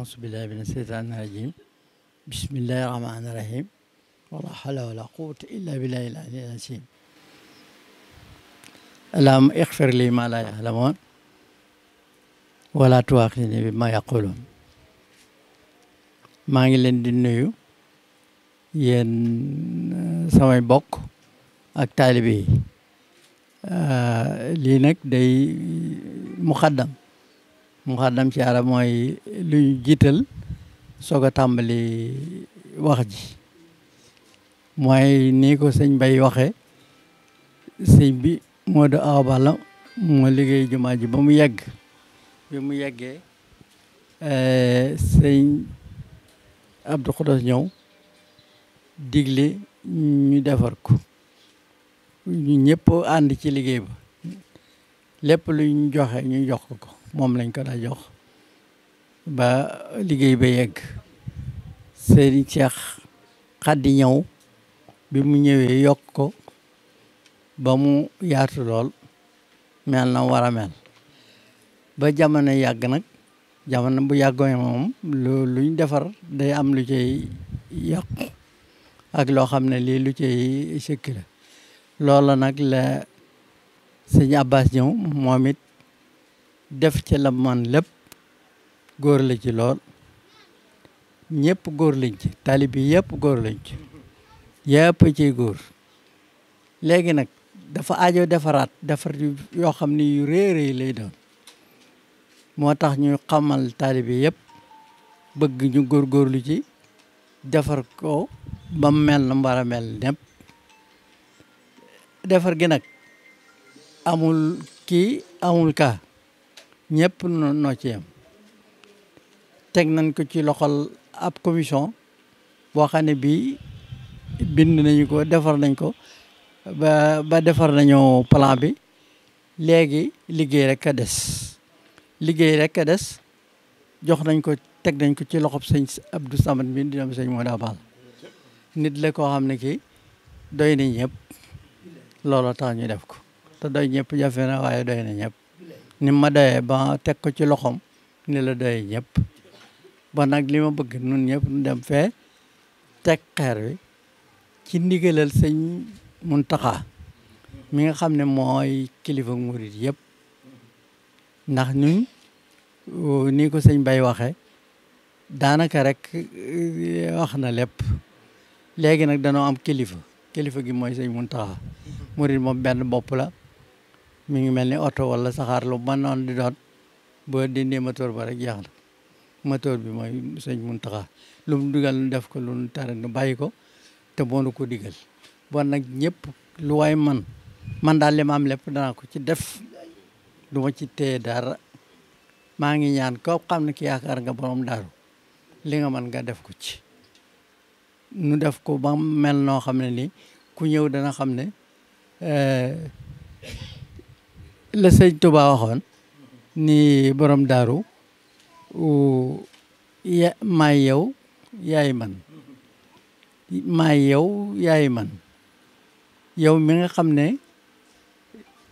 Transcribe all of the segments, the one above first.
aousubillahi mina seytaani rajim bismillahi rahmaani rahim wala hawla wala quwwata illa billahi al ali al azim allahumma ighfir li ma la ya'lamun wala tuaxini bi ma yaqulun maa ngi leen di nuyu yéen uh, samay bokk ak taalibe yi uh, lii nag day muqaddam muqaddam ci arab mooy lu ñu jiital soog a tàmbali wax ji mooy nii ko sëñ bay waxe sëñ bi moo du awa balla moo liggéey jumaa ji ba mu yegg bi mu yeggee eh, sëñ abdou xudos ñëw digle ñu defar ko ñu ñëpp ànd ci liggéey ba lépp lu ñu joxe ñu jox ko moom lañ ko daa jox ba liggéey ba yegg Serigne Cheikh Khady ñëw bi mu ñëwee yokk ko ba mu yaatu lool mel na war ba jamono yàgg nag jamono bu yàggoo moom lu luñ defar day am lu cay yàqu ak loo xam ne lii lu cay sëkk la loola nag la sëñ Abbas ñëw moom it def ci la man lépp góor la ci lool ñépp góor lañ ci taalibi yépp góor lañ ci yëpp ciy góor léegi nag dafa aajo defaraat defar yoo xam ni yu réeréy lay doon moo tax ñu xamal taalibi yëpp bëgg ñu lu ci defar ko ba mel na mbara mel nepp defar gi nag amul kii amul kaa ñëpp noo ci yem teg nañ ko ci loxol ab commission boo xam ne bii bind nañu ko defar nañ ko ba ba defar nañu plan bi léegi liggéey rek a des liggéey rek a des jox nañ ko teg nañ ko ci loxob sëñ Abdou Samad bi dina am sëñ Modou Abal nit la koo xam ne kii doy na ñëpp looloo tax ñu def ko te doy ñëpp jafe na waaye doy na ñëpp ni ma doyee ba teg ko ci loxoom ni la doyee ñëpp ba nag li ma bëgg nun ñëpp nu dem fee teg xeer wi ci ndigalal sëñ taxa mi nga xam ne mooy kilifa murit yëpp ndax ñun nii ko sëñ Bay waxee daanaka rek eh, wax na lépp léegi nag danoo am kilifa kilifa gi mooy sëñ Muntaxa murit moom benn bopp la mi ngi mel ni oto wala saxaar lu mën noon di doon boo dindee motoor ba rek jeex na moteur bi mooy sëñ Muntaxa lu mu dugal nu def ko lu nu tere bàyyi ko te moo ko digal bon nag ñëpp lu waay man man daal li ma lépp danaa ko ci def du ma ci téye dara maa ngi ñaan ko xam ne ki yaakaar nga borom daaru li nga mën nga def ko ci nu def ko ba mel noo xam ne nii ku ñëw dana xam ne eh, la sëñ Touba waxoon ni borom daaru ya maay yow yaay man maay yow yaay man yow mi nga xam ne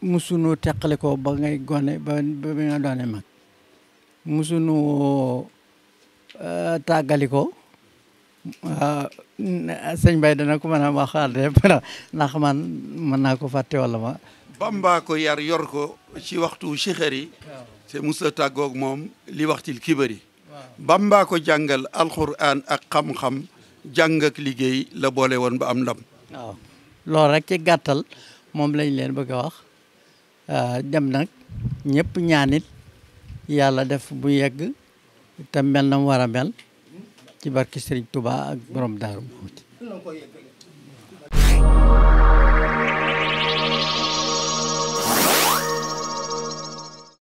musunu teqale ko ba ngay gone ba ba nga doone mag musunu tàggali ko sëñ Baye dana ko mën a waxaat ndax man mën naa ko fàtte wala ma Bamba ko yar yor ko ci waxtu sixar yi te musa tàggoog moom li waxtil kibari Bamba ko jàngal alxuraan ak xam-xam jàng liggéey la boole woon ba am ndam waaw loolu rek gàttal moom lañ leen bëgg wax ah, dem nag ñëpp ñaanit yàlla def bu yegg te mel na mu war a mel ci barki Serigne Touba ak borom Daaru Muxti